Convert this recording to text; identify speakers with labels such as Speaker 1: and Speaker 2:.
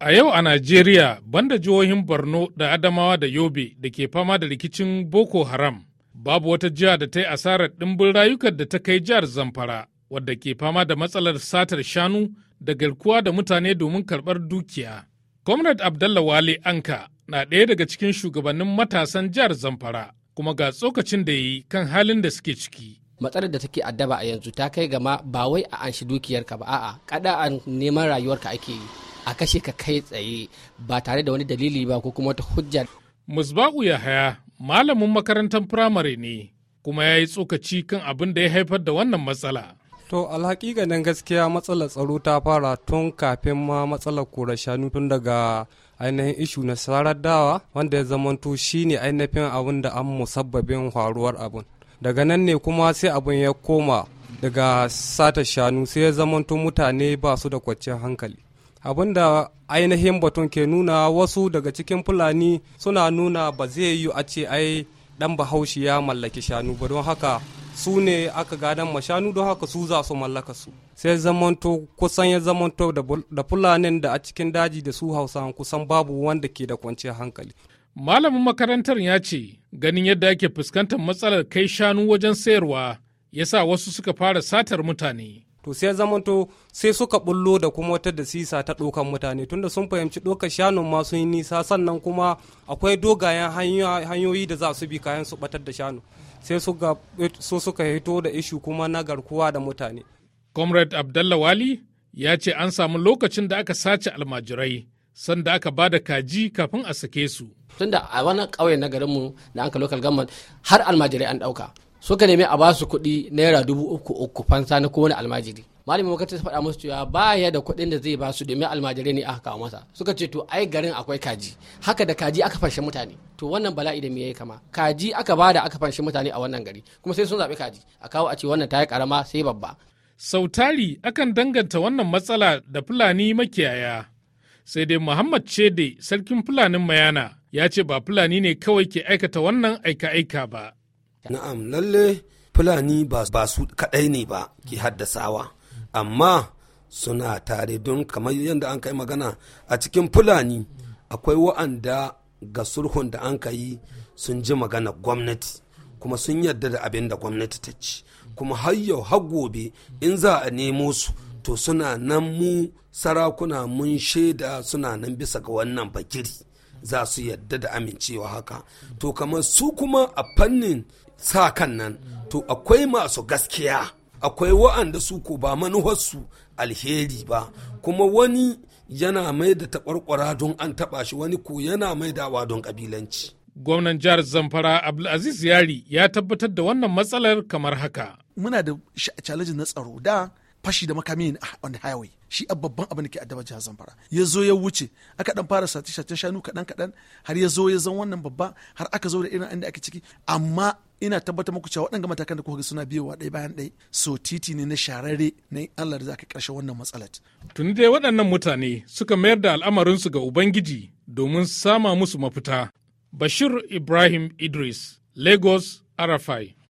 Speaker 1: A yau a Najeriya banda jihohin Borno da Adamawa da Yobe da ke fama da rikicin Boko Haram, babu wata jiha da ta yi asarar ɗimbin rayukan da ta kai jihar Zamfara, wadda ke fama da matsalar satar shanu da garkuwa da mutane domin karɓar dukiya. Comrade Abdallah Wale Anka na ɗaya daga cikin shugabannin matasan jihar Zamfara, kuma ga tsokacin da yi kan halin da suke ciki. matsalar da take addaba a yanzu ta
Speaker 2: kai gama ba wai a anshi dukiyarka ba a'a kada a neman rayuwarka ake yi a kashe ka
Speaker 1: kai tsaye ba tare da wani dalili ba ko kuma wata hujja. Musbaku Yahaya malamin makarantar firamare ne kuma ya yi tsokaci kan abin da ya haifar da wannan matsala.
Speaker 3: To alhaƙiƙanin gaskiya matsalar tsaro ta fara tun kafin ma matsalar kora shanu tun daga ainihin ishu na sarar dawa wanda ya zamanto ne ainihin abin da an musabbabin faruwar abin. Daga nan ne kuma sai abin ya koma daga sata shanu sai ya zamanto mutane ba su da kwanciyar hankali. abinda ainihin batun ke nuna wasu daga cikin fulani suna nuna ba zai yi a ce ai dan bahaushe ya mallaki shanu ba don haka su ne aka gadan ma shanu don haka su za su mallaka su sai zamanto kusan ya zamanto da fulanin da a cikin daji da su hausa kusan babu wanda ke da kwanciyar hankali malamin makarantar ya ce
Speaker 1: ganin yadda ake fuskantar matsalar kai shanu wajen sayarwa yasa wasu suka fara satar
Speaker 3: mutane to sai zamanto sai suka bullo da kuma wata da sisa ta dokan mutane tunda sun fahimci ɗaukar shanun ma sun yi nisa sannan kuma akwai dogayen hanyoyi da za su bi kayan su batar da shanu sai su suka hito da ishu kuma na garkuwa da
Speaker 1: mutane. comrade abdallah wali ya ce an samu lokacin da aka sace almajirai sanda aka ba da kaji kafin a sake su. Tunda a wani kauye na garinmu da
Speaker 2: anka local government har almajirai an ɗauka. suka nemi a basu kuɗi naira dubu uku uku fansa na kowane almajiri malamin makarantar ta faɗa musu cewa ba ya da kuɗin da zai ba su domin almajirai ne aka kawo masa suka ce to ai garin akwai kaji haka da kaji aka fanshi mutane to wannan bala'i da me yayi kama kaji aka ba da aka fanshi mutane a wannan gari kuma sai sun zaɓi kaji a kawo a ce wannan ta yi karama sai babba
Speaker 1: sautari akan danganta wannan matsala da fulani makiyaya sai dai muhammad cede sarkin fulanin mayana ya ce ba fulani ne kawai ke aikata wannan aika-aika ba
Speaker 4: Na'am lalle Fulani ba su kaɗai ne ba ke haddasawa, amma suna tare don kamar yadda an kai magana a cikin Fulani akwai wa'anda ga sulhun da an yi sun ji magana gwamnati kuma sun yarda da abin da gwamnati ta ci kuma har yau har gobe in za a nemo su to suna nan mu sarakuna mun shaida suna nan bisa ga wannan bakiri za su yadda da amincewa haka to kamar su kuma a fannin sa kan nan to akwai masu gaskiya akwai wa'anda su ko ba manuwarsu alheri ba kuma wani yana mai da taɓarƙwara don an taɓa shi wani ko yana mai dawa don ƙabilanci.
Speaker 1: Gwamnan jihar Zamfara Abdulaziz Yari ya tabbatar da wannan matsalar kamar haka. Muna da challenge na tsaro da fashi da makami ne ah, on the highway shi a babban abin da ke addaba jihar zamfara ya zo ya wuce aka dan fara sace sace shanu kaɗan kaɗan har ya zo ya zan wannan babba har aka zo da irin inda ake ciki amma ina tabbatar muku cewa waɗanga matakan da kuka suna biyowa ɗaya bayan ɗaya so titi ne na shararre na Allah da za ka ƙarshe wannan matsalar. Tuni dai waɗannan mutane suka mayar da al'amarinsu ga Ubangiji domin sama musu mafita. Bashir Ibrahim Idris, Lagos, Arafai.